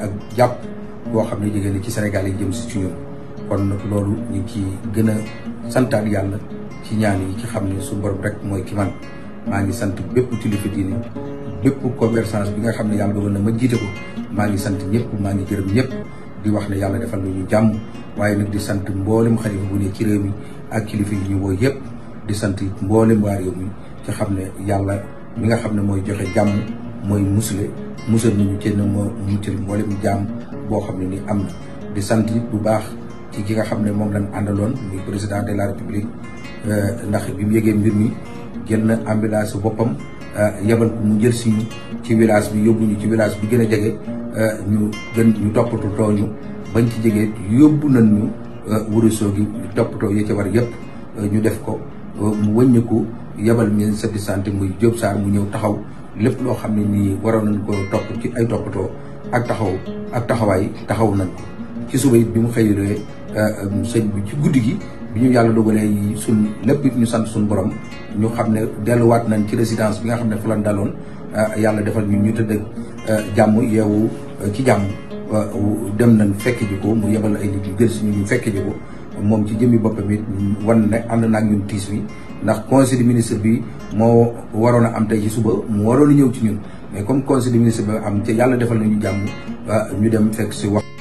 ak jàpp boo xam ne jógee na ci Sénégal yi jëm si ci ñun kon nag loolu ñu ngi ciy gën a santaat yàlla ci ñaan yi ci xam ne su borom rek mooy ki maa ngi sant bépp kilifa diine bépp convergence bi nga xam ne yàlla dogal na ma jiite ko maa ngi sant ñëpp maa ngi gërëm ñëpp di wax ne yàlla defal nañu jàmm waaye nag di sant mboolem xalifa bu ne ci réew mi ak kilifa yi ñu woo yëpp di sant mboolem waa réew mi ci xam ne yàlla mi nga xam ne mooy joxe jàmm mooy musule musal nañu cën moo muccal mboolem jaam boo xam ne ni am na di sant bu baax ci ki nga xam ne moom lañ àndaloon muy président de la république euh, ndax bi mu yëgee mbir mi jël na ambulance boppam euh, yebal ko mu jël suñu ci village bi yóbbu ñu ci village bi gën a jege euh, ñu gën ñu toppatu tooñu bañ ci jegee yóbbu nañ ñu wurusoo gi toppatoo yi ca war yëpp ñu def ko mu wëññeeku yebal mi sa di sant muy Diop saar mu ñëw taxaw lépp loo xam ne nii waroon nañ ko topp ci ay toppatoo ak taxaw ak taxawaay taxaw nañ ko ci suba it bi mu xëyulee euh, euh, sëñ bi ci guddi gi bi ñu yàlla dogalee suñ lépp ñu sant suñu borom ñu xam ne delluwaat nañ ci résidence bi nga xam ne fa lañ daloon euh, yàlla defal ñu ñu tëdd jàmm yeewu ci jàmm dem nañ fekk ji ko mu yebal ay nit yu gën si ñu fekk ji ko moom ci jëmmi boppam it wan ne ànd naa ak ñun tiis wi ndax conseil des ministres bi moo waroon a am tey ci suba mu waroon a ñëw ci ñun mais comme conseil des ministres bi am te yàlla defal na ñu jàmm ñu dem fekk si wax